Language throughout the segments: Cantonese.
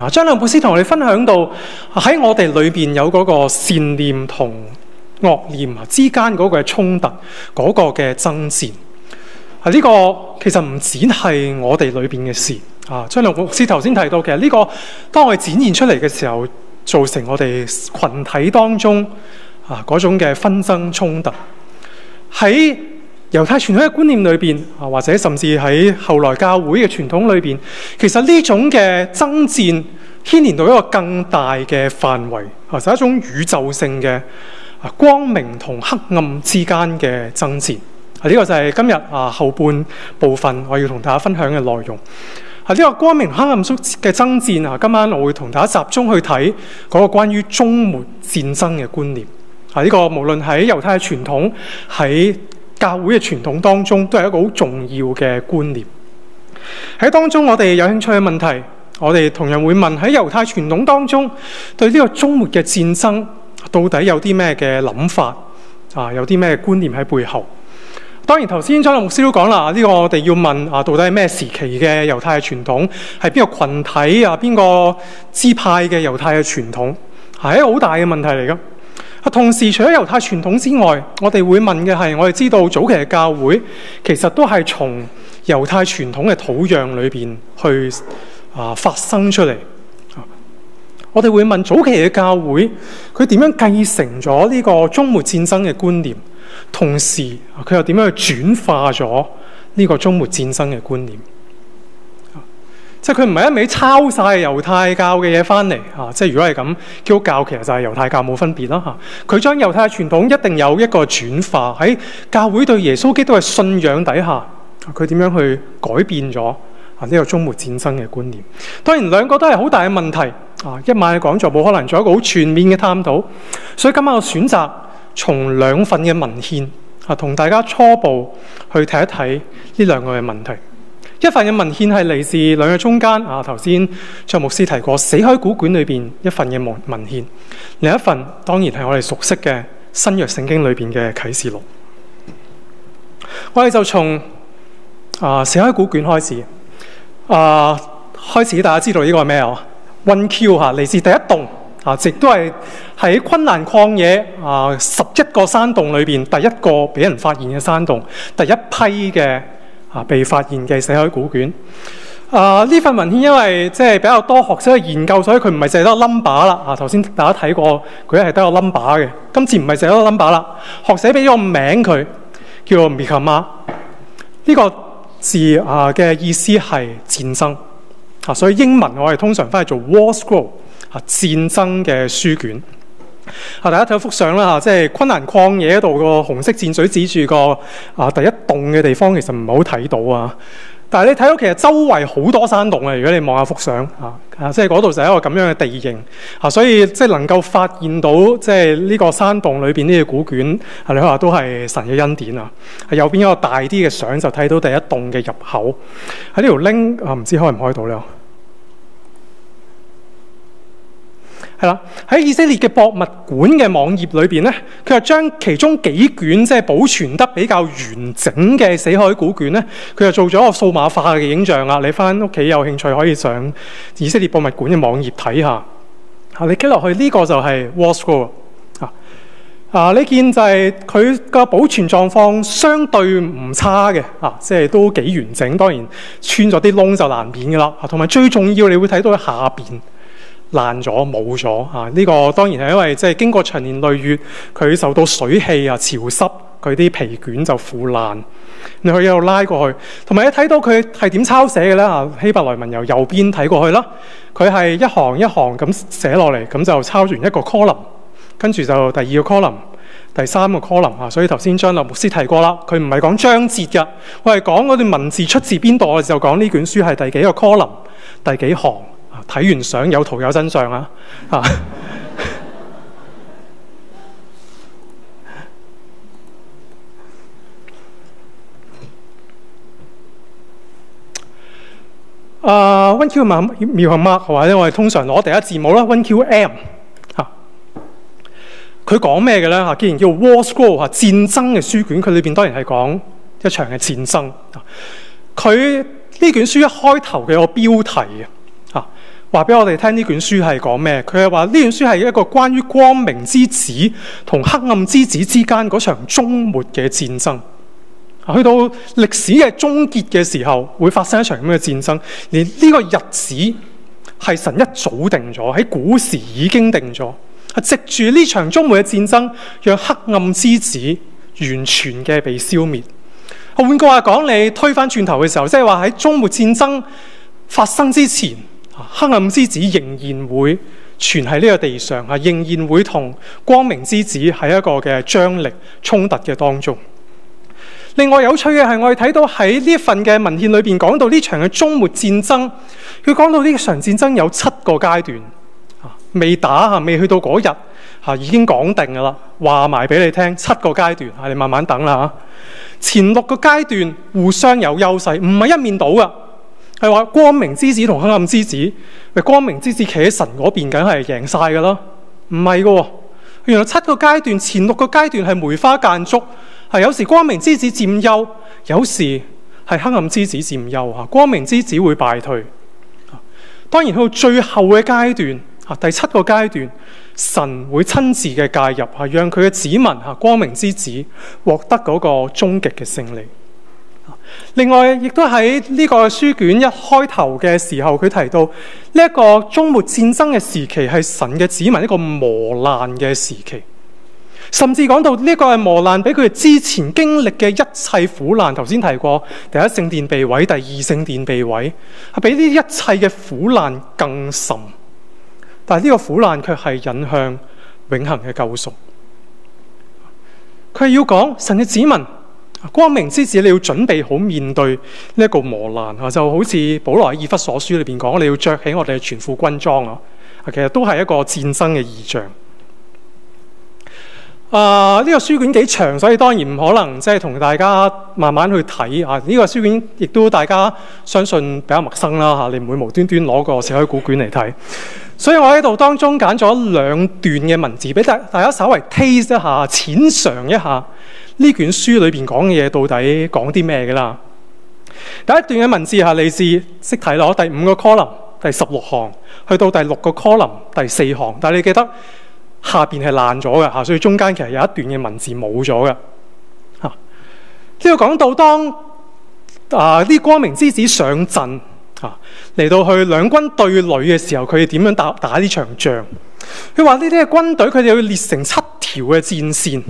斯和和那個這個、啊，張亮博士同我哋分享到喺我哋裏邊有嗰個善念同惡念啊之間嗰個衝突，嗰個嘅爭戰啊呢個其實唔只係我哋裏邊嘅事啊。張亮博士頭先提到嘅呢個，當我哋展現出嚟嘅時候，造成我哋群體當中啊嗰種嘅紛爭衝突喺。猶太傳統嘅觀念裏邊啊，或者甚至喺後來教會嘅傳統裏邊，其實呢種嘅爭戰牽連到一個更大嘅範圍，啊，就是、一種宇宙性嘅啊光明同黑暗之間嘅爭戰啊。呢、這個就係今日啊後半部分我要同大家分享嘅內容。係、啊、呢、這個光明黑暗縮嘅爭戰啊。今晚我會同大家集中去睇嗰個關於終末戰爭嘅觀念啊。呢、這個無論喺猶太傳統喺。在教會嘅傳統當中都係一個好重要嘅觀念，喺當中我哋有興趣嘅問題，我哋同樣會問喺猶太傳統當中對呢個終末嘅戰爭到底有啲咩嘅諗法啊？有啲咩觀念喺背後？當然頭先張老牧師都講啦，呢、這個我哋要問啊，到底係咩時期嘅猶太嘅傳統？係邊個群體啊？邊個支派嘅猶太嘅傳統，係一個好大嘅問題嚟噶。同時，除咗猶太傳統之外，我哋會問嘅係：我哋知道早期嘅教會其實都係從猶太傳統嘅土壤裏邊去啊發生出嚟。我哋會問早期嘅教會佢點樣繼承咗呢個終末戰爭嘅觀念，同時佢又點樣去轉化咗呢個終末戰爭嘅觀念。即係佢唔係一味抄晒猶太教嘅嘢翻嚟嚇，即係如果係咁，基督教其實就係猶太教冇分別啦嚇。佢、啊、將猶太傳統一定有一個轉化喺教會對耶穌基督嘅信仰底下，佢、啊、點樣去改變咗啊呢、啊這個終末戰爭嘅觀念？當然兩個都係好大嘅問題啊！一晚嘅講座冇可能做一個好全面嘅探討，所以今晚我選擇從兩份嘅文獻啊，同大家初步去睇一睇呢兩個嘅問題。一份嘅文獻係嚟自兩約中間啊！頭先卓牧師提過《死海古卷》裏邊一份嘅文文獻，另一份當然係我哋熟悉嘅新約聖經裏邊嘅啟示錄。我哋就從啊《死海古卷》開始，啊開始大家知道呢個係咩啊 One Q 嚟自第一洞啊，亦都係喺昆蘭曠野啊十一個山洞裏邊第一個俾人發現嘅山洞，第一批嘅。啊！被發現嘅死海古卷啊！呢份文獻因為即係比較多學者去研究，所以佢唔係寫得個 number 啦。啊，頭、啊、先大家睇過佢係得個 number 嘅，今次唔係寫得個 number 啦。學者俾咗個名佢，叫《Milhamah》。呢個字啊嘅意思係戰爭啊，所以英文我哋通常翻去做《War Scroll》啊，戰爭嘅書卷。啊！大家睇到幅相啦，吓即係昆蘭曠野度個紅色箭嘴指住個啊第一洞嘅地方，其實唔係好睇到啊。但係你睇到其實周圍好多山洞啊。如果你望下幅相，吓即係嗰度就係一個咁樣嘅地形啊。所以即係能夠發現到即係呢個山洞裏邊呢啲古卷，你話都係神嘅恩典啊。係右邊一個大啲嘅相，就睇到第一洞嘅入口。喺呢條 link 啊，唔知道開唔開到咧。係啦，喺以色列嘅博物館嘅網頁裏邊咧，佢就將其中幾卷即係、就是、保存得比較完整嘅死海古卷咧，佢就做咗一個數碼化嘅影像啦。你翻屋企有興趣可以上以色列博物館嘅網頁睇下。啊，你傾落去呢、這個就係 War Scroll 啊啊，呢件就係佢個保存狀況相對唔差嘅啊，即、就、係、是、都幾完整。當然穿咗啲窿就難免噶啦。啊，同埋最重要，你會睇到喺下邊。爛咗冇咗啊，呢個當然係因為即係經過長年累月，佢受到水氣啊、潮濕，佢啲皮卷就腐爛。你去一路拉過去，同埋一睇到佢係點抄寫嘅咧啊？希伯來文由右邊睇過去啦，佢係一行一行咁寫落嚟，咁就抄完一個 column，跟住就第二個 column，第三個 column 啊。所以頭先張立牧師提過啦，佢唔係講章節嘅，我係講嗰段文字出自邊度，就講呢卷書係第幾個 column，第幾行。睇完相有圖有真相啊！啊，啊 ，W、uh, Q M 妙下 mark，或者我哋通常攞第一字母啦，W Q M 啊。佢講咩嘅咧？吓，既然叫 War Scroll 吓、啊，戰爭嘅書卷，佢裏邊當然係講一場嘅戰爭。佢、啊、呢卷書的一開頭嘅個標題啊。話俾我哋聽，呢卷書係講咩？佢係話呢卷書係一個關於光明之子同黑暗之子之間嗰場終末嘅戰爭。去到歷史嘅終結嘅時候，會發生一場咁嘅戰爭。而呢個日子係神一早定咗，喺古時已經定咗。係藉住呢場終末嘅戰爭，讓黑暗之子完全嘅被消滅。換句話講，你推翻轉頭嘅時候，即係話喺終末戰爭發生之前。黑暗之子仍然會存喺呢個地上，仍然會同光明之子喺一個嘅張力衝突嘅當中。另外有趣嘅係，我哋睇到喺呢一份嘅文獻裏邊講到呢場嘅終末戰爭，佢講到呢場戰爭有七個階段，未打，未去到嗰日吓，已經講定噶啦，話埋俾你聽七個階段，你慢慢等啦。吓，前六個階段互相有優勢，唔係一面倒噶。係話光明之子同黑暗之子，咪光明之子企喺神嗰邊，梗係贏晒噶啦。唔係噶，原來七個階段，前六個階段係梅花間竹，係有時光明之子佔優，有時係黑暗之子佔優啊。光明之子會敗退。當然去到最後嘅階段，啊第七個階段，神會親自嘅介入，啊讓佢嘅子民啊光明之子獲得嗰個終極嘅勝利。另外，亦都喺呢個書卷一開頭嘅時候，佢提到呢一個終末戰爭嘅時期係神嘅子民一個磨難嘅時期，甚至講到呢個係磨難，俾佢哋之前經歷嘅一切苦難。頭先提過，第一聖殿被毀，第二聖殿被毀，係俾呢一切嘅苦難更甚。但係呢個苦難卻係引向永恆嘅救贖。佢係要講神嘅子民。光明之子，你要準備好面對呢一個磨難吓，就好似保羅喺以弗所書裏邊講，你要着起我哋嘅全副軍裝啊！其實都係一個戰爭嘅意象。啊，呢個書卷幾長，所以當然唔可能即係同大家慢慢去睇啊！呢個書卷亦都大家相信比較陌生啦吓，你唔會無端端攞個社會古卷嚟睇。所以我喺度當中揀咗兩段嘅文字俾大大家稍為 taste 一下，淺嘗一下。呢卷書裏邊講嘅嘢到底講啲咩嘅啦？第一段嘅文字係嚟自識睇咯，第五個 column 第十六行，去到第六個 column 第四行，但係你記得下邊係爛咗嘅吓，所以中間其實有一段嘅文字冇咗嘅吓。呢、啊，這個講到當啊啲光明之子上陣吓，嚟、啊、到去兩軍對壘嘅時候，佢哋點樣打打呢場仗？佢話呢啲嘅軍隊佢哋要列成七條嘅戰線。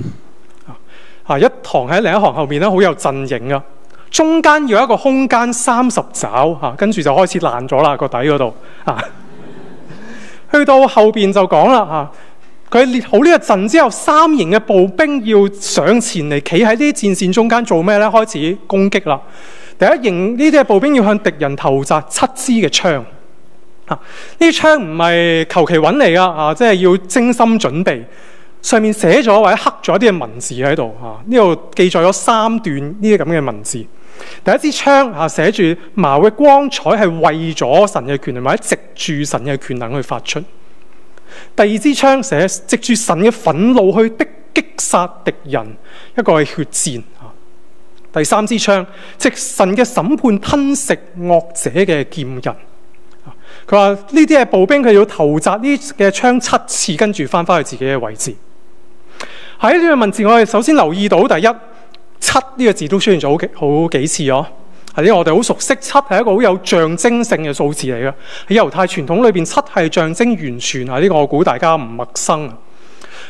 一行喺另一行後面咧，好有陣型啊。中間要一個空間三十肘，吓，跟住就開始爛咗啦個底嗰度。啊， 去到後邊就講啦吓。佢、啊、列好呢個陣之後，三營嘅步兵要上前嚟，企喺呢啲戰線中間做咩咧？開始攻擊啦。第一營呢啲嘅步兵要向敵人投擲七支嘅槍。啊，呢槍唔係求其揾嚟噶，啊，即、就、係、是、要精心準備。上面寫咗或者刻咗啲嘅文字喺度，呢度記載咗三段呢啲咁嘅文字。第一支槍寫住，矛嘅光彩係為咗神嘅權利，或者藉住神嘅權能去發出。第二支槍寫藉住神嘅憤怒去逼擊殺敵人，一個係血戰，啊，第三支槍藉神嘅審判吞食惡者嘅劍刃。佢話呢啲係步兵，佢要投擲呢嘅槍七次，跟住翻返去自己嘅位置。喺呢個文字，我哋首先留意到，第一七呢個字都出現咗好幾好幾次咯。係因為我哋好熟悉七係一個好有象徵性嘅數字嚟嘅。喺猶太傳統裏邊，七係象徵完全啊。呢個我估大家唔陌生啊。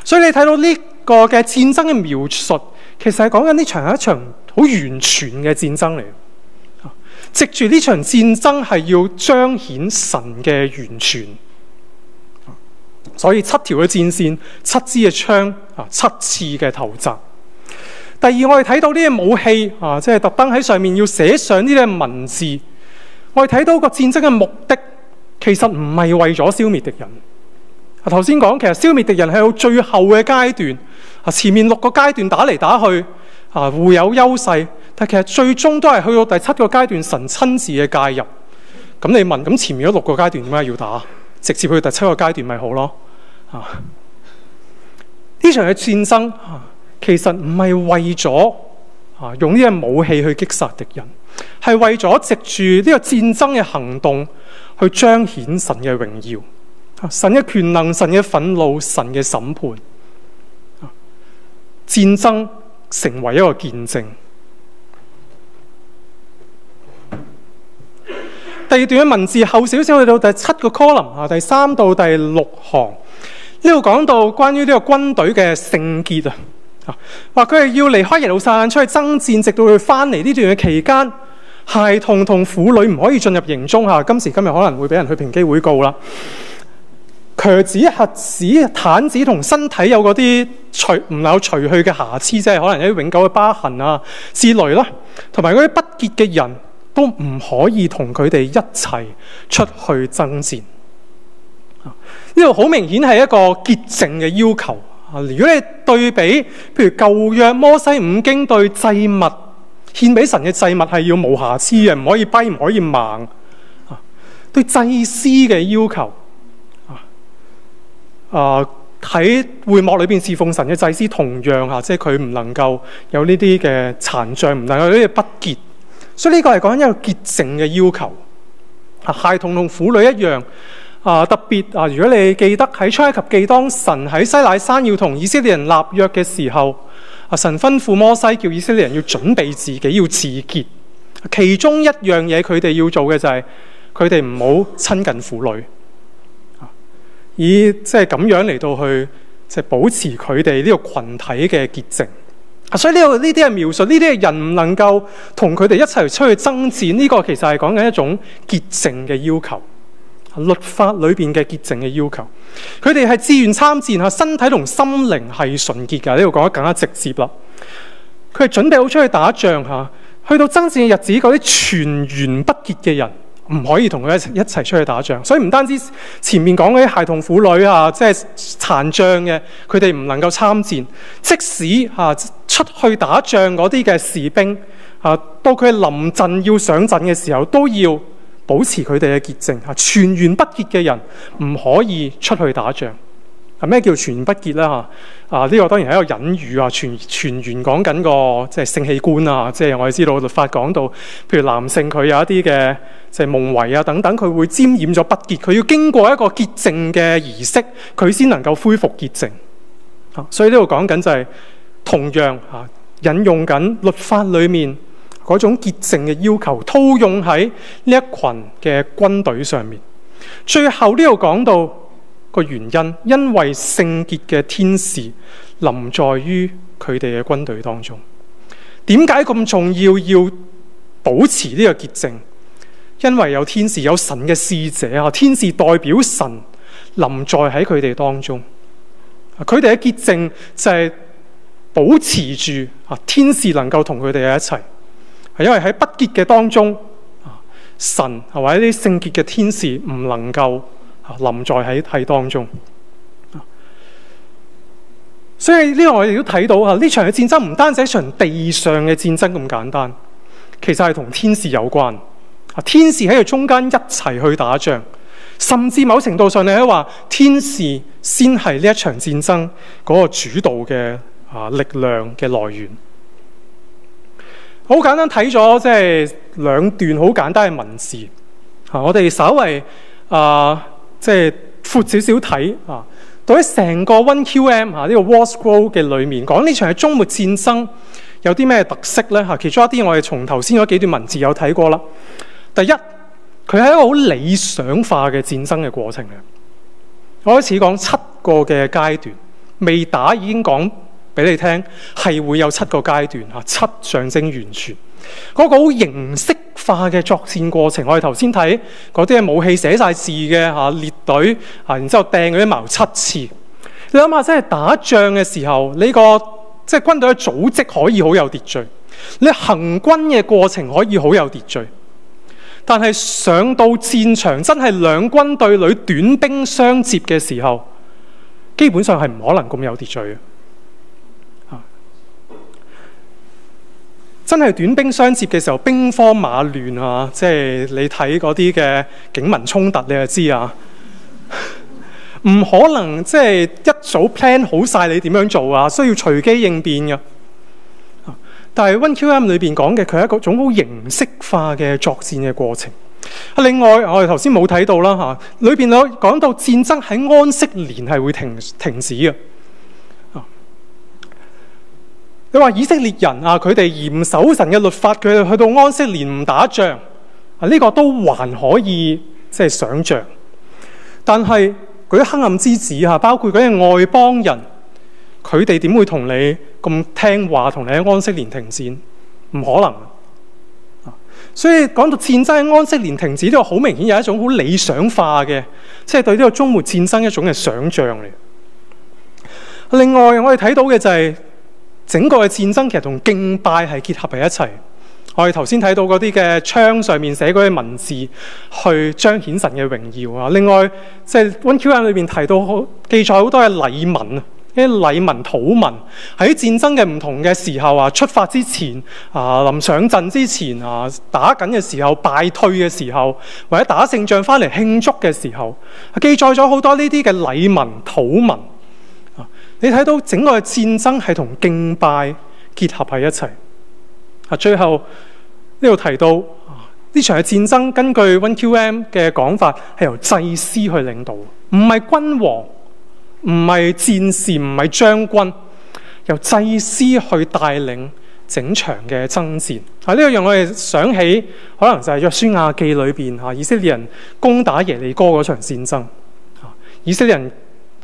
所以你睇到呢個嘅戰爭嘅描述，其實係講緊呢場係一場好完全嘅戰爭嚟。藉住呢場戰爭係要彰顯神嘅完全。所以七條嘅戰線、七支嘅槍、啊七次嘅投擲。第二，我哋睇到呢啲武器啊，即係特登喺上面要寫上呢啲文字。我哋睇到個戰爭嘅目的，其實唔係為咗消滅敵人。頭先講其實消滅敵人係到最後嘅階段。啊，前面六個階段打嚟打去，啊互有優勢，但其實最終都係去到第七個階段神親自嘅介入。咁你問，咁前面嗰六個階段點解要打？直接去到第七個階段咪好咯？啊！呢場嘅戰爭啊，其實唔係為咗啊用呢個武器去擊殺敵人，係為咗藉住呢個戰爭嘅行動去彰顯神嘅榮耀，啊，神嘅權能、神嘅憤怒、神嘅審判，啊。戰爭成為一個見證。第二段嘅文字後少少，去到第七個 column 啊，第三到第六行呢度講到關於呢個軍隊嘅聖潔啊，話佢係要離開耶路撒冷出去爭戰，直到佢翻嚟呢段嘅期間，孩童同婦女唔可以進入營中嚇。今時今日可能會俾人去平機會告啦。瘸子、瞎子、癱子同身體有嗰啲除唔有除去嘅瑕疵，即係可能有啲永久嘅疤痕啊之類啦，同埋嗰啲不潔嘅人，都唔可以同佢哋一齊出去爭戰啊！呢個好明顯係一個潔淨嘅要求啊！如果你對比，譬如舊約摩西五經對祭物獻俾神嘅祭物係要無瑕疵嘅，唔可以跛，唔可以盲啊！對祭司嘅要求啊，啊、呃，喺會幕裏邊侍奉神嘅祭司同樣吓，即係佢唔能夠有呢啲嘅殘障，唔能夠有呢啲嘅不潔。所以呢個嚟講有潔淨嘅要求，孩童同婦女一樣。啊，特別啊，如果你記得喺出埃及記當神喺西乃山要同以色列人立約嘅時候，啊神吩咐摩西叫以色列人要準備自己，要自潔，其中一樣嘢佢哋要做嘅就係佢哋唔好親近婦女，啊，以即係咁樣嚟到去就是，保持佢哋呢個群體嘅潔淨。啊！所以呢度呢啲係描述，呢啲係人唔能夠同佢哋一齊出去爭戰，呢、這個其實係講緊一種潔淨嘅要求，律法裏邊嘅潔淨嘅要求。佢哋係自願參戰嚇，身體同心靈係純潔嘅。呢度講得更加直接啦。佢係準備好出去打仗嚇，去到爭戰嘅日子，嗰啲全員不潔嘅人，唔可以同佢一一齊出去打仗，所以唔單止前面講嗰啲孩童婦女啊，即係殘障嘅，佢哋唔能夠參戰。即使嚇出去打仗嗰啲嘅士兵嚇，到佢臨陣要上陣嘅時候，都要保持佢哋嘅潔淨，全員不潔嘅人唔可以出去打仗。啊咩叫全不潔啦嚇啊呢、啊這個當然係一個隱喻啊，全全員講緊個即係性器官啊，即係我哋知道律法講到，譬如男性佢有一啲嘅即係夢遺啊等等，佢會沾染咗不潔，佢要經過一個潔淨嘅儀式，佢先能夠恢復潔淨。啊，所以呢度講緊就係、是、同樣嚇、啊、引用緊律法裡面嗰種潔淨嘅要求，套用喺呢一群嘅軍隊上面。最後呢度講到。個原因，因為聖潔嘅天使臨在於佢哋嘅軍隊當中。點解咁重要？要保持呢個潔淨，因為有天使、有神嘅使者啊。天使代表神臨在喺佢哋當中。佢哋嘅潔淨就係保持住啊，天使能夠同佢哋喺一齊。係因為喺不潔嘅當中啊，神或者一啲聖潔嘅天使唔能夠。臨在喺喺當中，所以呢個我哋都睇到呢場嘅戰爭唔單止係一場地上嘅戰爭咁簡單，其實係同天使有關啊。天使喺度中間一齊去打仗，甚至某程度上你都話天使先係呢一場戰爭嗰個主導嘅啊力量嘅來源。好簡單睇咗即係兩段好簡單嘅文字，我哋稍微啊。呃即係闊少少睇啊，到喺成個 1QM 呢，啊呢個 War Scroll 嘅裏面講呢場係終末戰爭有啲咩特色咧？啊、其中一啲我哋從頭先嗰幾段文字有睇過啦。第一，佢係一個好理想化嘅戰爭嘅過程咧。我開始講七個嘅階段，未打已經講。俾你聽係會有七個階段吓，七象徵完全嗰、那個好形式化嘅作戰過程。我哋頭先睇嗰啲武器寫晒字嘅吓，列隊吓，然之後掟嗰啲矛七次。你諗下，真係打仗嘅時候，你、這個即係、就是、軍隊嘅組織可以好有秩序，你行軍嘅過程可以好有秩序，但係上到戰場真係兩軍對壘短兵相接嘅時候，基本上係唔可能咁有秩序嘅。真係短兵相接嘅時候，兵荒馬亂啊！即係你睇嗰啲嘅警民衝突，你就知啊。唔可能即係一早 plan 好晒你點樣做啊！需要隨機應變嘅、啊。但係 1QM 裏邊講嘅，佢係一個種好形式化嘅作戰嘅過程。另外，我哋頭先冇睇到啦嚇，裏邊有講到戰爭喺安息年係會停停止嘅。你話以色列人啊，佢哋嚴守神嘅律法，佢哋去到安息年唔打仗，啊，呢個都還可以即係想象。但係嗰啲黑暗之子啊，包括嗰啲外邦人，佢哋點會同你咁聽話，同你喺安息年停戰？唔可能啊！所以講到戰爭喺安息年停止，呢個好明顯有一種好理想化嘅，即係對呢個終末戰爭一種嘅想象嚟。另外，我哋睇到嘅就係。整個嘅戰爭其實同敬拜係結合喺一齊。我哋頭先睇到嗰啲嘅槍上面寫嗰啲文字，去彰顯神嘅榮耀啊。另外，即係 1QM 裏面提到記載好多嘅禮文啊，啲禮文土文喺戰爭嘅唔同嘅時候啊，出發之前啊，臨上陣之前啊，打緊嘅時候、敗退嘅時候，或者打勝仗翻嚟慶祝嘅時候，記載咗好多呢啲嘅禮文土文。你睇到整個嘅戰爭係同敬拜結合喺一齊。啊，最後呢度提到呢場嘅戰爭，根據 1QM 嘅講法，係由祭司去領導，唔係君王，唔係戰士，唔係將軍，由祭司去帶領整場嘅爭戰。啊，呢、這個讓我哋想起可能就係約書亞記裏邊啊，以色列人攻打耶利哥嗰場戰爭，啊。以色列人。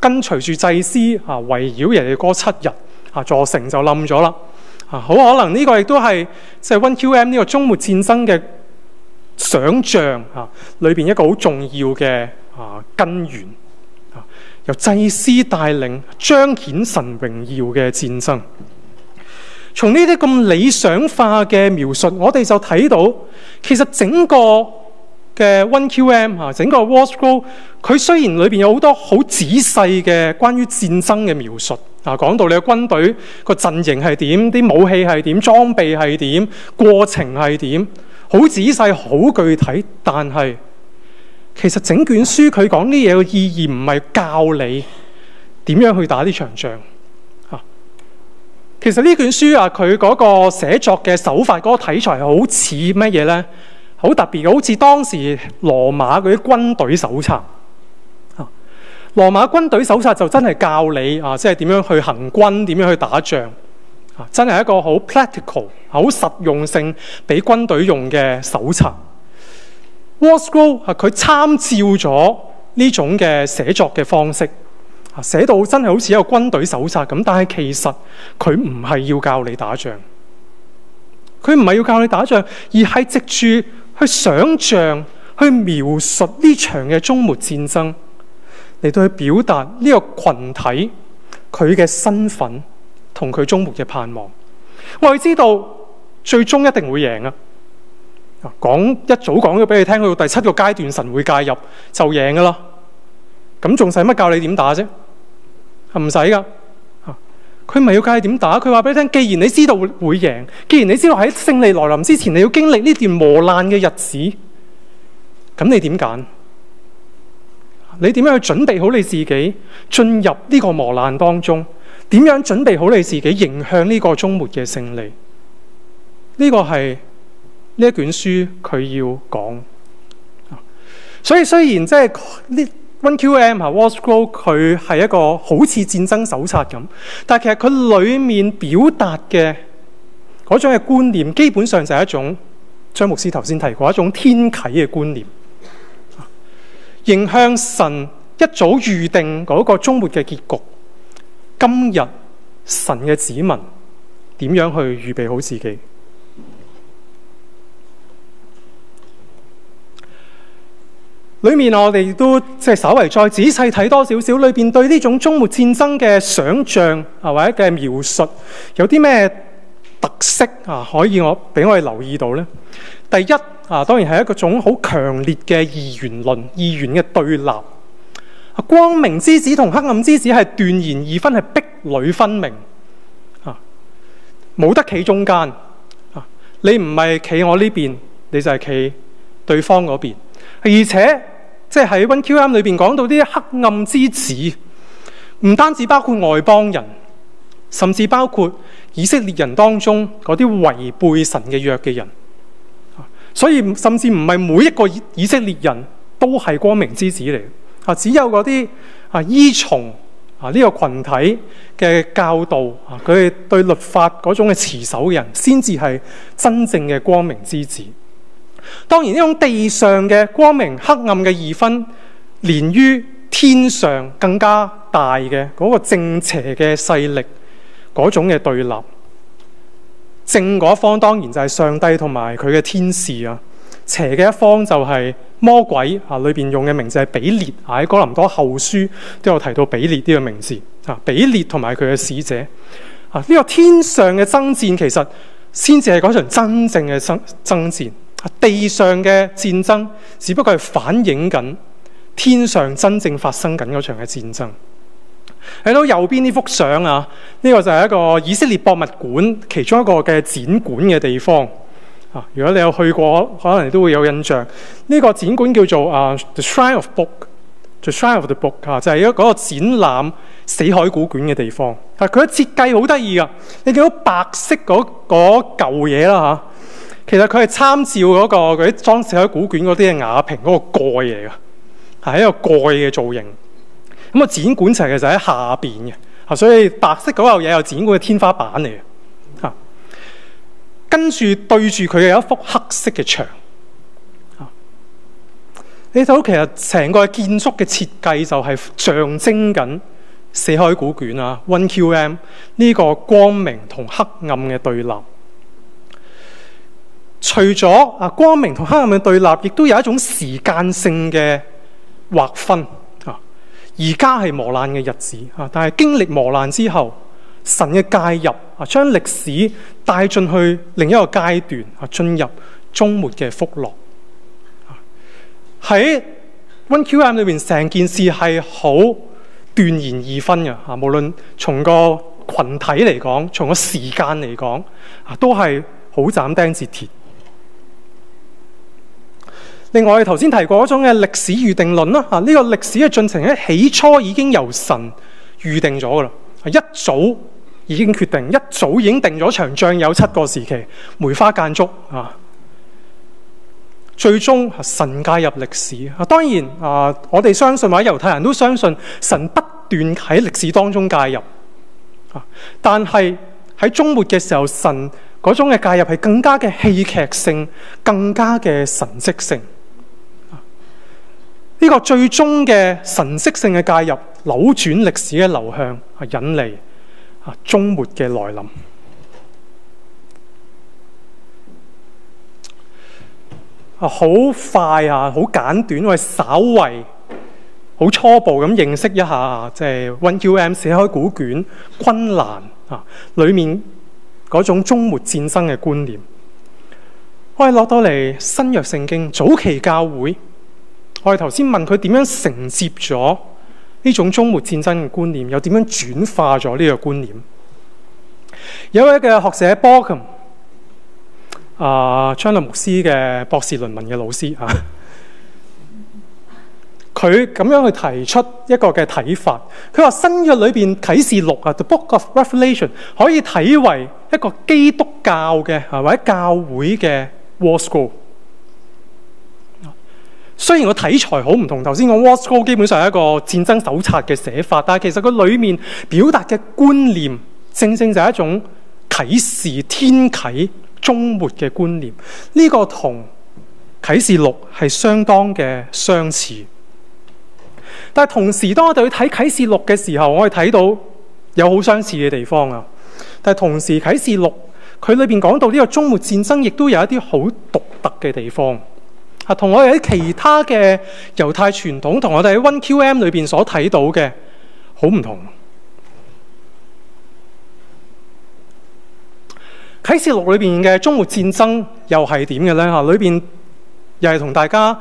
跟隨住祭司啊，圍繞耶利哥七日啊，座城就冧咗啦。啊，好可能呢個亦都係即係 1QM 呢個終末戰爭嘅想像啊，裏邊一個好重要嘅啊根源啊，由祭司帶領彰顯神榮耀嘅戰爭。從呢啲咁理想化嘅描述，我哋就睇到其實整個。嘅 1QM 整個 War Scroll，佢雖然裏面有好多好仔細嘅關於戰爭嘅描述啊，講到你嘅軍隊個陣型係點、啲武器係點、裝備係點、過程係點，好仔細、好具體，但係其實整卷書佢講啲嘢嘅意義唔係教你點樣去打呢場仗，啊，其實呢卷書啊，佢嗰個寫作嘅手法，嗰、嗰個題材好似乜嘢呢？好特別嘅，好似當時羅馬嗰啲軍隊手冊啊，羅馬軍隊手冊就真係教你啊，即係點樣去行軍，點樣去打仗啊，真係一個好 practical 好實用性俾軍隊用嘅手冊。War Scroll 係佢參照咗呢種嘅寫作嘅方式啊，寫到真係好似一個軍隊手冊咁，但係其實佢唔係要教你打仗，佢唔係要教你打仗，而係藉住去想象、去描述呢場嘅終末戰爭，嚟到去表達呢個群體佢嘅身份同佢終末嘅盼望。我哋知道最終一定會贏啊！講一早講咗俾你聽，去到第七個階段，神會介入就贏㗎啦。咁仲使乜教你點打啫？係唔使㗎。佢唔係要教你點打，佢話俾你聽，既然你知道會贏，既然你知道喺勝利來臨之前，你要經歷呢段磨難嘅日子，咁你點揀？你點樣去準備好你自己進入呢個磨難當中？點樣準備好你自己迎向呢個終末嘅勝利？呢、這個係呢一卷書佢要講，所以雖然即係呢。就是 One Q M 和 War Scroll 佢係一個好似戰爭手冊咁，但係其實佢裏面表達嘅嗰種嘅觀念，基本上就係一種張牧師頭先提過一種天啟嘅觀念，迎向神一早預定嗰個終末嘅結局。今日神嘅子民點樣去預備好自己？裏面我哋都即係稍為再仔細睇多少少，裏面對呢種終末戰爭嘅想像或者嘅描述有啲咩特色啊？可以我俾我哋留意到呢？第一啊，當然係一個種好強烈嘅二元論、二元嘅對立，光明之子同黑暗之子係斷然二分，係壁壘分明啊，冇得企中間啊，你唔係企我呢邊，你就係企對方嗰邊，而且。即係喺《1QM》裏面講到啲黑暗之子，唔單止包括外邦人，甚至包括以色列人當中嗰啲違背神嘅約嘅人。所以甚至唔係每一個以色列人都係光明之子嚟，啊，只有嗰啲啊依從啊呢個群體嘅教導啊，佢哋對律法嗰種嘅持守嘅人，先至係真正嘅光明之子。只有那些當然呢種地上嘅光明、黑暗嘅二分，連於天上更加大嘅嗰個正邪嘅勢力嗰種嘅對立，正嗰方當然就係上帝同埋佢嘅天使啊，邪嘅一方就係魔鬼啊。裏邊用嘅名字係比列啊，喺哥林多後書都有提到比列呢個名字啊。比列同埋佢嘅使者啊，呢個天上嘅爭戰，其實先至係嗰場真正嘅爭爭戰。地上嘅戰爭，只不過係反映緊天上真正發生緊嗰場嘅戰爭。睇到右邊呢幅相啊，呢個就係一個以色列博物館其中一個嘅展館嘅地方。啊，如果你有去過，可能你都會有印象。呢個展館叫做啊 The Shrine of Book, The Shrine of the Book 啊，就係一個展覽死海古卷嘅地方。但佢嘅設計好得意噶，你見到白色嗰嚿嘢啦嚇。其實佢係參照嗰、那個啲裝飾四海古卷嗰啲嘅瓦瓶嗰個蓋嚟嘅，係一個蓋嘅造型。咁啊，展館牆其實就喺下邊嘅，所以白色嗰嚿嘢又展館嘅天花板嚟嘅。嚇、啊，跟住對住佢有一幅黑色嘅牆。嚇、啊，你睇其實成個建築嘅設計就係象徵緊四海古卷啊 OneQM 呢個光明同黑暗嘅對立。除咗啊光明同黑暗嘅對立，亦都有一種時間性嘅劃分啊。而家係磨難嘅日子啊，但係經歷磨難之後，神嘅介入啊，將歷史帶進去另一個階段啊，進入終末嘅福樂啊。喺 1QM 裏邊成件事係好斷然二分嘅啊。無論從個羣體嚟講，從個時間嚟講，啊，都係好斬釘截鐵。另外，我哋頭先提過嗰種嘅歷史預定論啦。呢、呢個歷史嘅進程喺起初已經由神預定咗噶啦，一早已經決定，一早已經定咗場仗，長有七個時期，梅花間竹啊。最終神介入歷史啊。當然啊，我哋相信或者猶太人都相信神不斷喺歷史當中介入啊。但係喺終末嘅時候，神嗰種嘅介入係更加嘅戲劇性，更加嘅神跡性。呢個最終嘅神式性嘅介入，扭轉歷史嘅流向，係引嚟，啊終末嘅來臨。啊，好快啊，好簡短，我哋稍為好初步咁認識一下，即係 One U M 寫開古卷昆蘭啊，裏面嗰種終末戰爭嘅觀念。我哋落到嚟新約聖經早期教會。我哋頭先問佢點樣承接咗呢種終末戰爭嘅觀念，又點樣轉化咗呢個觀念？有一位嘅學者 Bauckham 啊，張略牧師嘅博士論文嘅老師啊，佢咁樣去提出一個嘅睇法。佢話新約裏邊啟示錄啊，《The Book of Revelation》可以睇為一個基督教嘅，或者教會嘅 war school。雖然個題材好唔同，頭先我講《War Scroll》基本上係一個戰爭手冊嘅寫法，但係其實佢裏面表達嘅觀，觀念，正正就係一種啟示天啟終末嘅觀念。呢個同《啟示錄》係相當嘅相似。但係同時，當我哋去睇《啟示錄》嘅時候，我哋睇到有好相似嘅地方啊。但係同時，啟錄《啟示錄》佢裏邊講到呢個終末戰爭，亦都有一啲好獨特嘅地方。同我哋喺其他嘅猶太傳統，同我哋喺 1QM 裏邊所睇到嘅好唔同。啟示錄裏邊嘅終末戰爭又係點嘅咧？嚇，裏邊又係同大家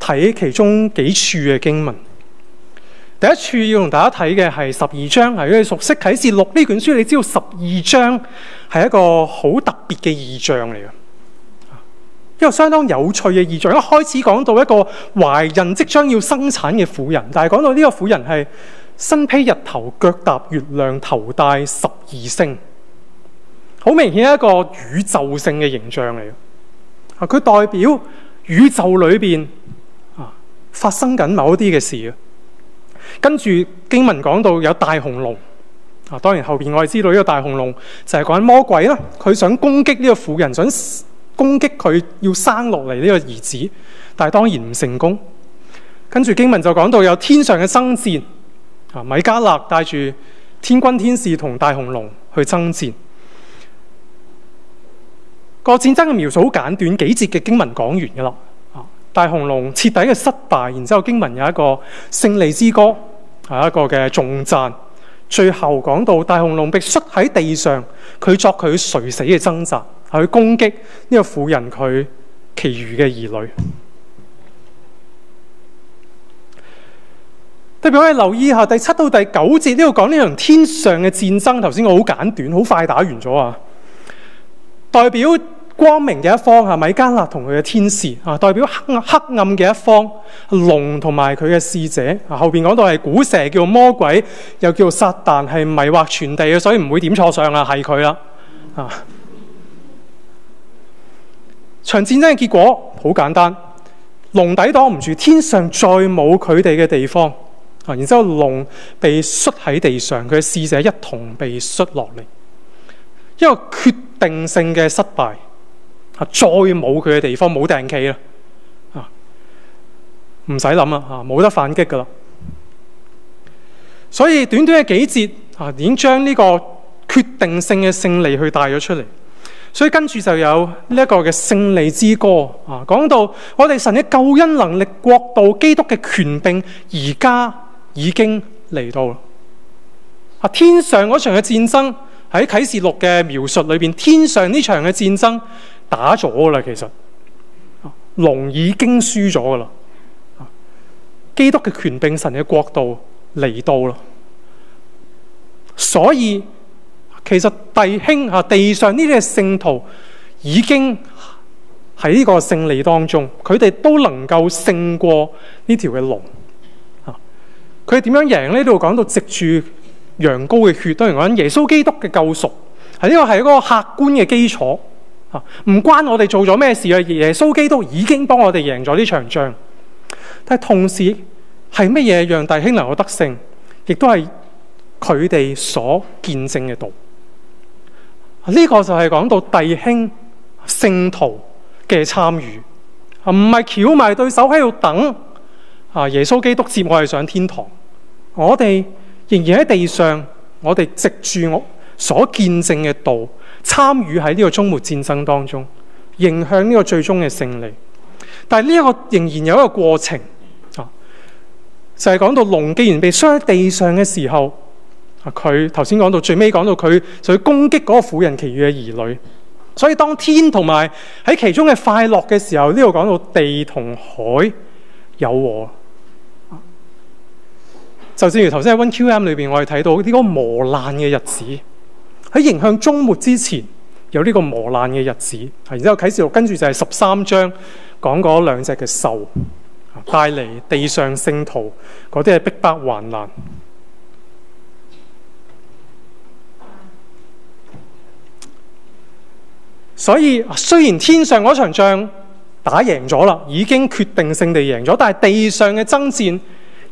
睇其中幾處嘅經文。第一處要同大家睇嘅係十二章，如果你熟悉啟示錄呢卷書，你知道十二章係一個好特別嘅異象嚟嘅。一個相當有趣嘅異象，一開始講到一個懷孕即將要生產嘅婦人，但係講到呢個婦人係身披日頭、腳踏月亮、頭戴十二星，好明顯一個宇宙性嘅形象嚟嘅。啊，佢代表宇宙裏邊啊發生緊某一啲嘅事。跟住經文講到有大紅龍，啊，當然後邊我哋知道呢個大紅龍就係講魔鬼啦，佢想攻擊呢個婦人想。攻擊佢要生落嚟呢個兒子，但係當然唔成功。跟住經文就講到有天上嘅爭戰，啊，米迦勒帶住天軍天使同大紅龍去爭戰。個戰爭嘅描述好簡短，幾節嘅經文講完噶啦。啊，大紅龍徹底嘅失敗，然之後經文有一個勝利之歌，係一個嘅重讚。最後講到大紅龍被摔喺地上，佢作佢垂死嘅掙扎。去攻擊呢個婦人佢其餘嘅兒女。特別可以留意下第七到第九節呢度講呢場天上嘅戰爭。頭先我好簡短，好快打完咗啊！代表光明嘅一方啊，米迦勒同佢嘅天使啊；代表黑黑暗嘅一方，龍同埋佢嘅使者啊。後邊嗰度係古蛇，叫魔鬼，又叫做撒但，係迷惑全地嘅，所以唔會點錯相是他啊，係佢啦啊。場戰爭嘅結果好簡單，龍抵擋唔住，天上再冇佢哋嘅地方啊！然之後龍被摔喺地上，佢嘅使者一同被摔落嚟，一個決定性嘅失敗啊！再冇佢嘅地方，冇埞企啦啊！唔使諗啦吓，冇得反擊㗎啦，所以短短嘅幾節啊，已經將呢個決定性嘅勝利去帶咗出嚟。所以跟住就有呢一個嘅勝利之歌啊，講到我哋神嘅救恩能力、國度、基督嘅權柄，而家已經嚟到啦。啊，天上嗰場嘅戰爭喺啟示錄嘅描述裏邊，天上呢場嘅戰爭打咗噶啦，其實啊，龍已經輸咗噶啦。基督嘅權柄、神嘅國度嚟到啦，所以。其實弟兄啊，地上呢啲嘅聖徒已經喺呢個勝利當中，佢哋都能夠勝過呢條嘅龍。啊，佢哋點樣贏呢？都會講到藉住羊羔嘅血，當然講耶穌基督嘅救贖係呢、呢個係一個客觀嘅基礎。啊，唔關我哋做咗咩事啊，耶穌基督已經幫我哋贏咗呢場仗。但係同時係乜嘢讓弟兄能夠得勝？亦都係佢哋所見證嘅道。呢個就係講到弟兄聖徒嘅參與，唔係翹埋對手喺度等。啊，耶穌基督接我哋上天堂，我哋仍然喺地上，我哋藉住我所見證嘅道，參與喺呢個終末戰爭當中，迎向呢個最終嘅勝利。但係呢一個仍然有一個過程，啊，就係、是、講到龍既然被摔喺地上嘅時候。佢頭先講到最尾，講到佢就去攻擊嗰個婦人其餘嘅兒女，所以當天同埋喺其中嘅快樂嘅時候，呢度講到地同海有禍。就正如頭先喺 One Q M 裏邊，我哋睇到呢個磨難嘅日子，喺迎向終末之前有呢個磨難嘅日子。然之後啟示錄跟住就係十三章講嗰兩隻嘅獸，帶嚟地上聖徒嗰啲係逼迫患難。所以雖然天上嗰場仗打贏咗啦，已經決定性地贏咗，但係地上嘅爭戰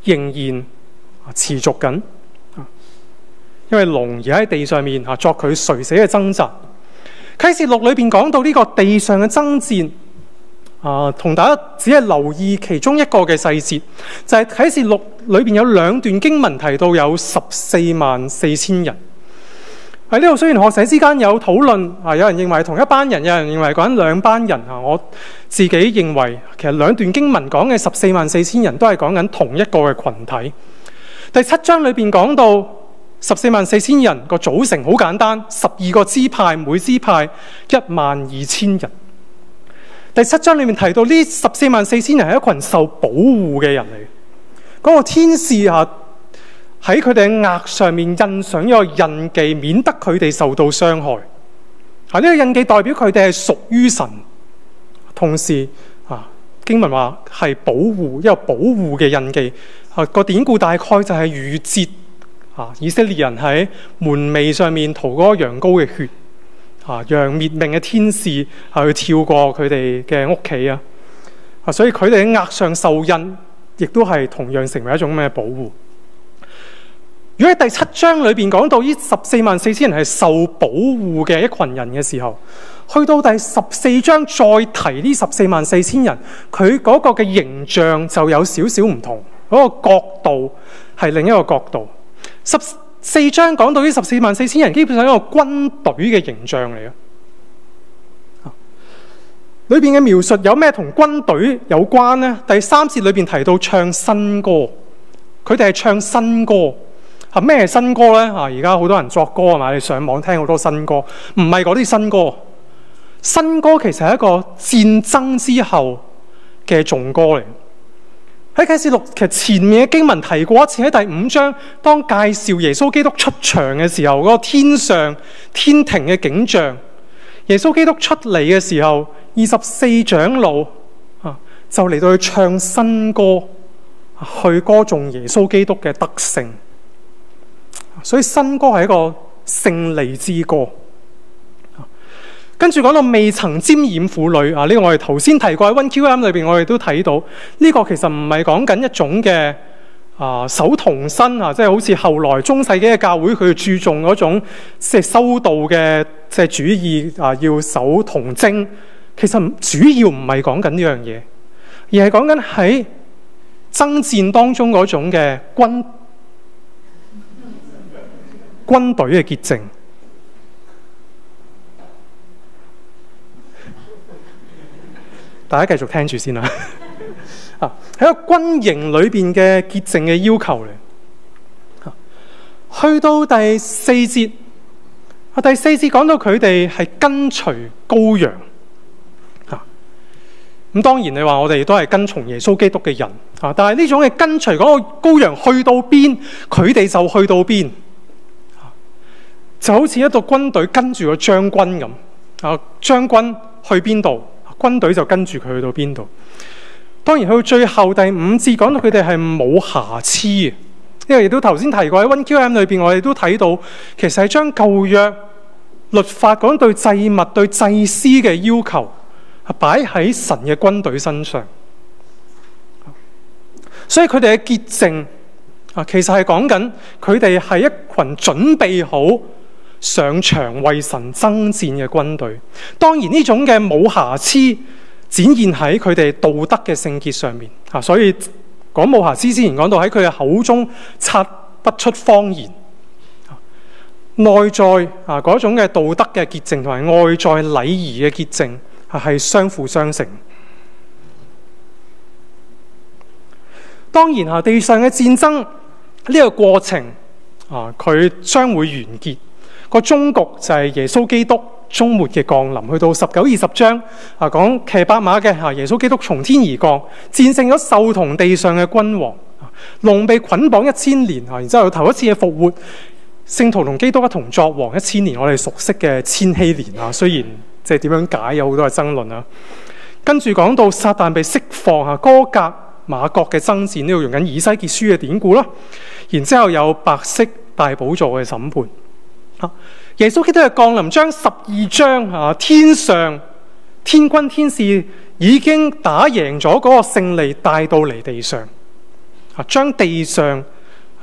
仍然持續緊，因為龍而家喺地上面啊作佢垂死嘅掙扎。啟示錄裏邊講到呢個地上嘅爭戰啊，同大家只係留意其中一個嘅細節，就係啟示錄裏邊有兩段經文提到有十四萬四千人。喺呢度，雖然學者之間有討論，啊，有人認為同一班人，有人認為講緊兩班人。啊，我自己認為，其實兩段經文講嘅十四萬四千人都係講緊同一個嘅群體。第七章裏邊講到十四萬四千人個組成好簡單，十二個支派，每支派一萬二千人。第七章裏面提到呢十四萬四千人係一群受保護嘅人嚟，嗰、那個天使啊，喺佢哋嘅額上面印上一個印記，免得佢哋受到傷害。啊，呢、這個印記代表佢哋係屬於神，同時啊，經文話係保護一個保護嘅印記。啊，那個典故大概就係逾節啊，以色列人喺門楣上面塗嗰個羊羔嘅血，啊，讓滅命嘅天使係、啊、去跳過佢哋嘅屋企啊。啊，所以佢哋喺額上受印，亦都係同樣成為一種咩保護。如果喺第七章裏邊講到呢十四萬四千人係受保護嘅一群人嘅時候，去到第十四章再提呢十四萬四千人，佢嗰個嘅形象就有少少唔同，嗰個角度係另一個角度。十四章講到呢十四萬四千人，基本上係一個軍隊嘅形象嚟嘅。裏邊嘅描述有咩同軍隊有關呢？第三節裏邊提到唱新歌，佢哋係唱新歌。啊！咩新歌咧？啊，而家好多人作歌啊嘛。你上網聽好多新歌，唔係嗰啲新歌。新歌其實係一個戰爭之後嘅頌歌嚟。喺啟示錄其實前面嘅經文提過一次，喺第五章當介紹耶穌基督出場嘅時候，嗰個天上天庭嘅景象，耶穌基督出嚟嘅時候，二十四長老啊就嚟到去唱新歌，去歌頌耶穌基督嘅德性。所以新歌係一個勝利之歌，跟住講到未曾沾染婦女啊，呢、這個我哋頭先提過喺 1QM 裏邊，我哋都睇到呢個其實唔係講緊一種嘅啊、呃、守童身啊，即係好似後來中世紀嘅教會佢注重嗰種即係修道嘅即係主義啊，要守童貞，其實主要唔係講緊呢樣嘢，而係講緊喺爭戰當中嗰種嘅軍。軍隊嘅潔淨，大家繼續聽住先啦。啊，喺個軍營裏邊嘅潔淨嘅要求咧，去到第四節啊，第四節講到佢哋係跟隨羔羊啊。咁當然你話我哋都係跟從耶穌基督嘅人啊，但係呢種係跟隨嗰個羔羊去到邊，佢哋就去到邊。就好似一個軍隊跟住個將軍咁啊，將軍去邊度，軍隊就跟住佢去到邊度。當然去到最後第五節講到佢哋係冇瑕疵嘅，因為亦都頭先提過喺 1QM 裏面，我哋都睇到其實係將舊約律法講對祭物對祭司嘅要求擺喺神嘅軍隊身上，所以佢哋嘅潔淨啊，其實係講緊佢哋係一群準備好上場為神爭戰嘅軍隊，當然呢種嘅冇瑕疵展現喺佢哋道德嘅聖潔上面啊。所以講冇瑕疵之前講到喺佢嘅口中察不出謊言，內在啊嗰種嘅道德嘅潔淨同埋外在禮儀嘅潔淨係相輔相成。當然啊，地上嘅戰爭呢個過程啊，佢將會完結。個中局就係耶穌基督終末嘅降臨，去到十九二十章啊，講騎白馬嘅、啊、耶穌基督從天而降，戰勝咗獸同地上嘅君王、啊，龍被捆綁一千年啊，然之後頭一次嘅復活，聖徒同基督一同作王一千年，我哋熟悉嘅千禧年啊，雖然即係點樣解有好多嘅爭論跟住、啊、講到撒旦被釋放啊，哥格馬國嘅爭戰呢，用緊以西結書嘅典故啦、啊。然之後有白色大寶座嘅審判。耶穌基督嘅降臨，將十二章啊，天上天軍天使已經打贏咗嗰個勝利帶到嚟地上，啊，將地上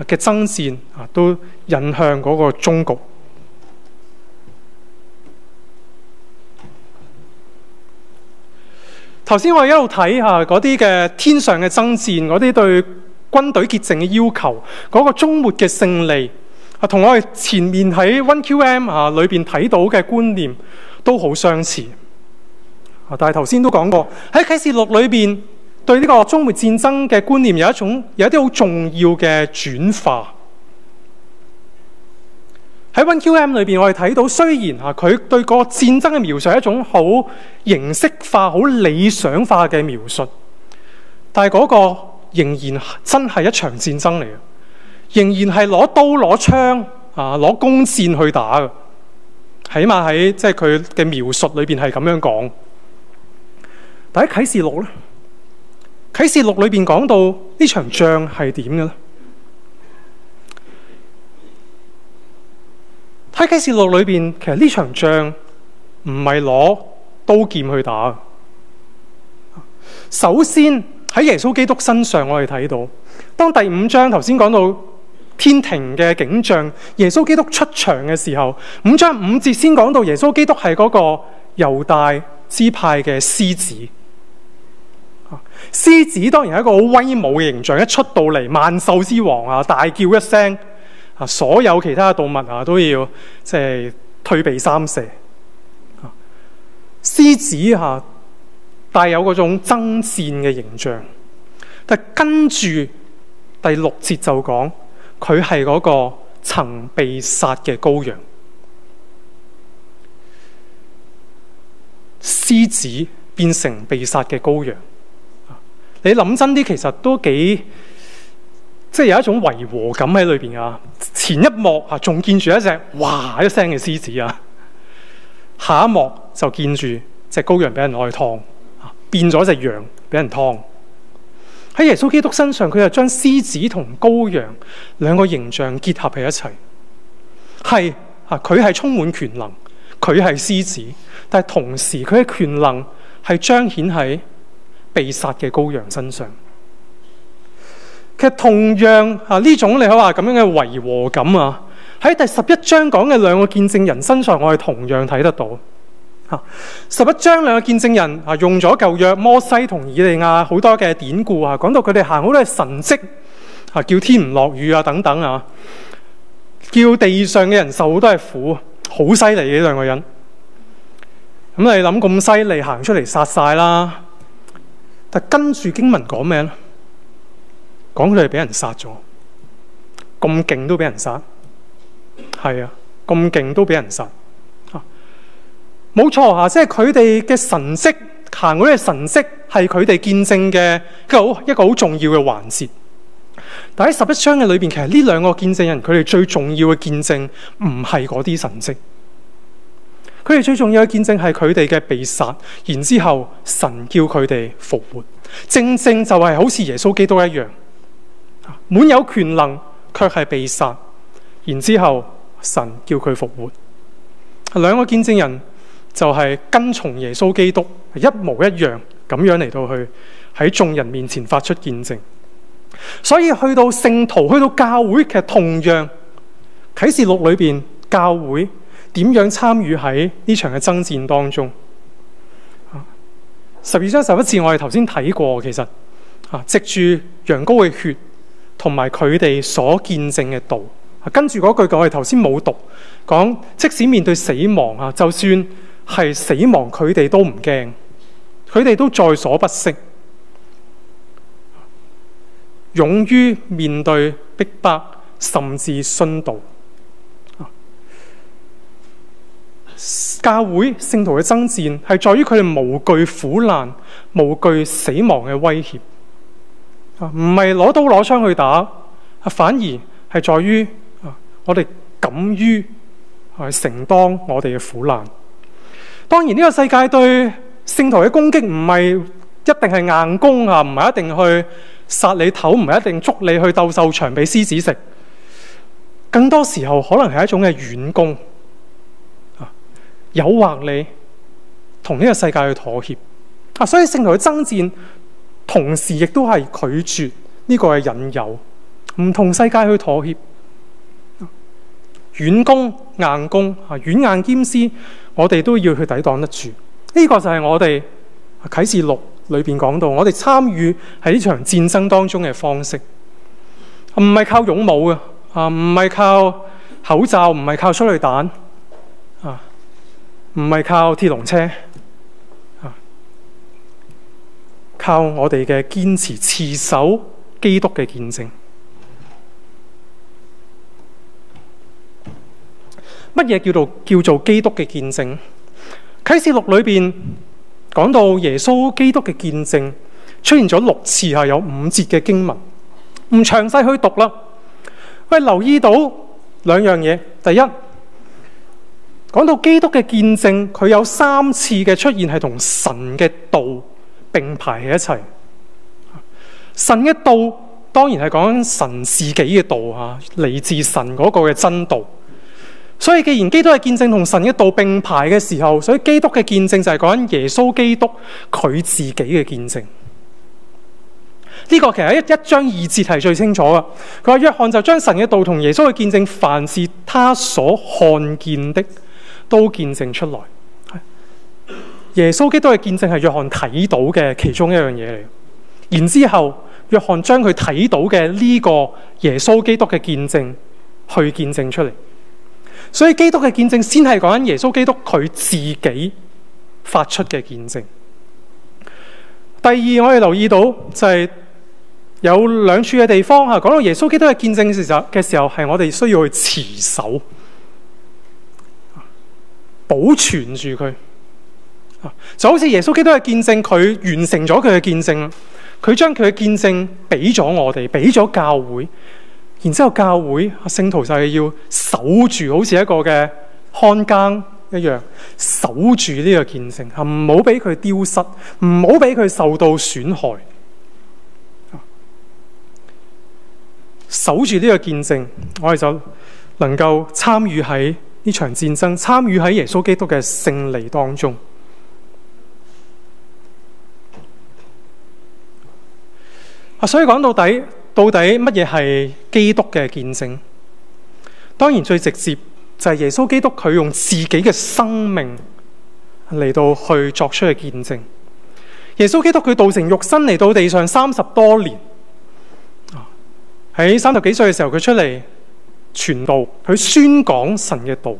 嘅爭戰啊都引向嗰個終局。頭先我哋一路睇下嗰啲嘅天上嘅爭戰，嗰啲對軍隊潔淨嘅要求，嗰、嗰個終末嘅勝利。同我哋前面喺 1QM 啊裏邊睇到嘅觀念都好相似。啊，但係頭先都講過喺啟示錄裏邊對呢個終末戰爭嘅觀念有一種有一啲好重要嘅轉化。喺 1QM 裏邊，我哋睇到雖然啊，佢對個戰爭嘅描述係一種好形式化、好理想化嘅描述，但係嗰個仍然真係一場戰爭嚟嘅。仍然係攞刀攞槍啊，攞弓箭去打嘅，起碼喺即係佢嘅描述裏邊係咁樣講。但喺啟示錄咧，啟示錄裏邊講到呢場仗係點嘅咧？喺啟示錄裏邊，其實呢場仗唔係攞刀劍去打嘅。首先喺耶穌基督身上，我哋睇到，當第五章頭先講到。天庭嘅景象，耶穌基督出場嘅時候，五章五節先講到耶穌基督係嗰個猶大支派嘅獅子。獅子當然係一個好威武嘅形象，一出到嚟，萬獸之王啊，大叫一聲啊，所有其他嘅動物啊都要即係、就是、退避三舍。獅子吓帶有嗰種爭戰嘅形象，但跟住第六節就講。佢係嗰個曾被殺嘅羔羊，獅子變成被殺嘅羔羊。你諗真啲，其實都幾即係有一種違和感喺裏邊啊！前一幕啊，仲見住一隻哇一聲嘅獅子啊，下一幕就見住隻羔羊俾人內劏啊，變咗隻羊俾人劏。喺耶穌基督身上，佢就將獅子同羔羊兩個形象結合喺一齊。係啊，佢係充滿權能，佢係獅子，但係同時佢嘅權能係彰顯喺被殺嘅羔羊身上。其實同樣啊，呢種你可話咁樣嘅違和感啊，喺第十一章講嘅兩個見證人身上，我係同樣睇得到。十一章兩個見證人啊，用咗舊約摩西同以利亞好多嘅典故啊，講到佢哋行好多係神蹟啊，叫天唔落雨啊，等等啊，叫地上嘅人受好多係苦，好犀利嘅兩個人。咁你諗咁犀利行出嚟殺晒啦，但跟住經文講咩咧？講佢哋俾人殺咗，咁勁都俾人殺，係啊，咁勁都俾人殺。啊冇錯啊，即係佢哋嘅神蹟行嗰啲神蹟係佢哋見證嘅一個好重要嘅環節。但喺十一章嘅裏邊，其實呢兩個見證人佢哋最重要嘅見證唔係嗰啲神蹟，佢哋最重要嘅見證係佢哋嘅被殺，然之後神叫佢哋復活，正正就係好似耶穌基督一樣，滿有權能，卻係被殺，然之後神叫佢復活。兩個見證人。就係跟從耶穌基督一模一樣咁樣嚟到去喺眾人面前發出見證，所以去到聖徒去到教會，其實同樣啟示錄裏邊教會點樣參與喺呢場嘅爭戰當中。十二章十一節，我哋頭先睇過，其實啊，藉住羊羔嘅血同埋佢哋所見證嘅道，跟住嗰句我哋頭先冇讀講，即使面對死亡啊，就算。係死亡他們，佢哋都唔驚，佢哋都在所不惜，勇於面對逼迫，甚至殉道。教會聖徒嘅爭戰係在於佢哋無懼苦難，無懼死亡嘅威脅。唔係攞刀攞槍去打，反而係在於我哋敢於承當我哋嘅苦難。當然呢個世界對聖徒嘅攻擊唔係一定係硬攻啊，唔係一定去殺你頭，唔係一定捉你去鬥獸場畀獅子食。更多時候可能係一種嘅軟攻啊，誘惑你同呢個世界去妥協啊。所以聖徒嘅爭戰，同時亦都係拒絕呢個嘅引誘，唔同世界去妥協。軟功硬功啊，軟硬兼施，我哋都要去抵擋得住。呢、這個就係我哋啟示錄裏面講到，我哋參與喺呢場戰爭當中嘅方式，唔係靠勇武嘅，啊，唔係靠口罩，唔係靠催淚彈啊，唔係靠鐵龍車，啊，靠我哋嘅堅持持守基督嘅見證。乜嘢叫做叫做基督嘅見證？啟示錄裏邊講到耶穌基督嘅見證出現咗六次，係有五節嘅經文，唔詳細去讀啦。喂，留意到兩樣嘢，第一，講到基督嘅見證，佢有三次嘅出現係同神嘅道並排喺一齊。神嘅道當然係講緊神自己嘅道啊，嚟自神嗰個嘅真道。所以，既然基督係見證同神嘅道並排嘅時候，所以基督嘅見證就係講緊耶穌基督佢自己嘅見證。呢個其實一一章二節係最清楚噶。佢話約翰就將神嘅道同耶穌嘅見證，凡是他所看見的都見證出來。耶穌基督嘅見證係約翰睇到嘅其中一樣嘢嚟。然之後，約翰將佢睇到嘅呢個耶穌基督嘅見證去見證出嚟。所以基督嘅見證先係講緊耶穌基督佢自己發出嘅見證。第二，我哋留意到就係有兩處嘅地方啊，講到耶穌基督嘅見證嘅時候嘅時候，係我哋需要去持守、保存住佢。就好似耶穌基督嘅見證，佢完成咗佢嘅見證，佢將佢嘅見證俾咗我哋，俾咗教會。然之後教會阿聖徒就係要守住，好似一個嘅看更一樣，守住呢個見證，唔好俾佢丟失，唔好俾佢受到損害。守住呢個見證，我哋就能夠參與喺呢場戰爭，參與喺耶穌基督嘅勝利當中。啊，所以講到底。到底乜嘢係基督嘅見證？當然最直接就係耶穌基督佢用自己嘅生命嚟到去作出嘅見證。耶穌基督佢道成肉身嚟到地上三十多年，喺三十幾歲嘅時候佢出嚟傳道，去宣講神嘅道，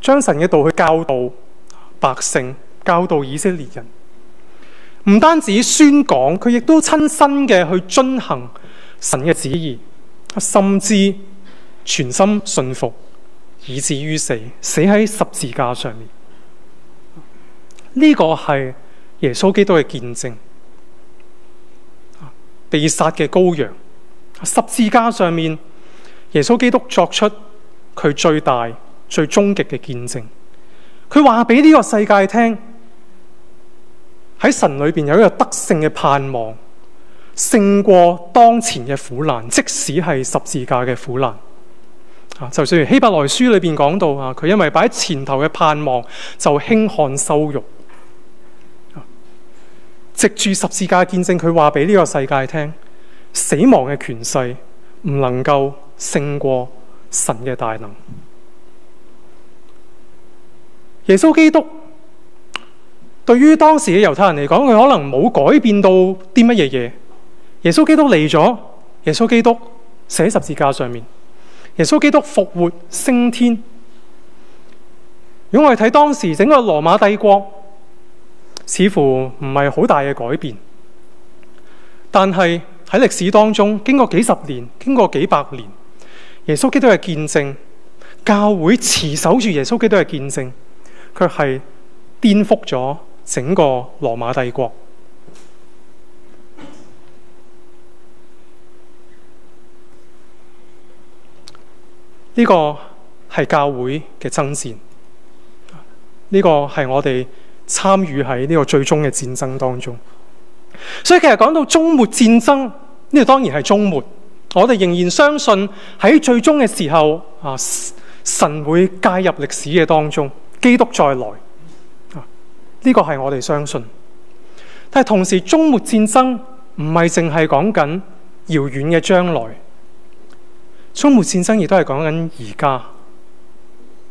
將神嘅道去教導百姓，教導以色列人。唔單止宣講，佢亦都親身嘅去遵行神嘅旨意，甚至全心信服，以至於死，死喺十字架上面。呢個係耶穌基督嘅見證，被殺嘅羔羊，十字架上面，耶穌基督作出佢最大、最終極嘅見證。佢話俾呢個世界聽。喺神裏邊有一個得勝嘅盼望，勝過當前嘅苦難，即使係十字架嘅苦難啊。就算希伯來書裏邊講到啊，佢因為擺喺前頭嘅盼望就輕看羞辱，直藉住十字架見證，佢話俾呢個世界聽，死亡嘅權勢唔能夠勝過神嘅大能，耶穌基督。對於當時嘅猶太人嚟講，佢可能冇改變到啲乜嘢。耶穌基督嚟咗，耶穌基督死喺十字架上面，耶穌基督復活升天。如果我哋睇當時整個羅馬帝國，似乎唔係好大嘅改變。但係喺歷史當中，經過幾十年，經過幾百年，耶穌基督的見證，教會持守住耶穌基督的見證，卻是顛覆咗。整個羅馬帝國，呢個係教會嘅爭戰，呢個係我哋參與喺呢個最終嘅戰爭當中。所以其實講到終末戰爭，呢個當然係終末。我哋仍然相信喺最終嘅時候，啊神會介入歷史嘅當中，基督再來。呢個係我哋相信，但係同時終末戰爭唔係淨係講緊遙遠的將來，終末戰爭亦都係講緊而家。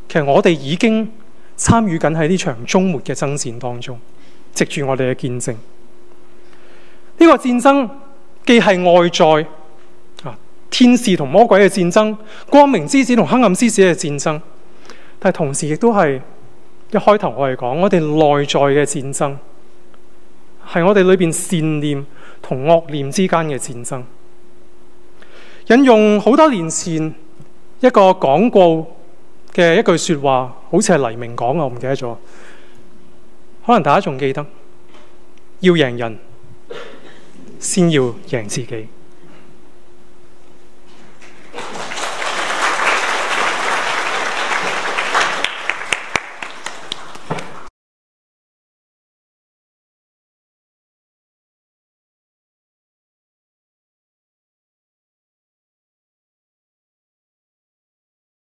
其實我哋已經參與緊喺呢場終末嘅爭戰當中，藉住我哋嘅見證，呢個戰爭既係外在啊天使同魔鬼嘅戰爭，光明之子同黑暗之子嘅戰爭，但係同時亦都係。一開頭我哋講，我哋內在嘅戰爭係我哋裏面善念同惡念之間嘅戰爭。引用好多年前一個廣告嘅一句説話，好似係黎明講嘅，我唔記得咗，可能大家仲記得，要贏人先要贏自己。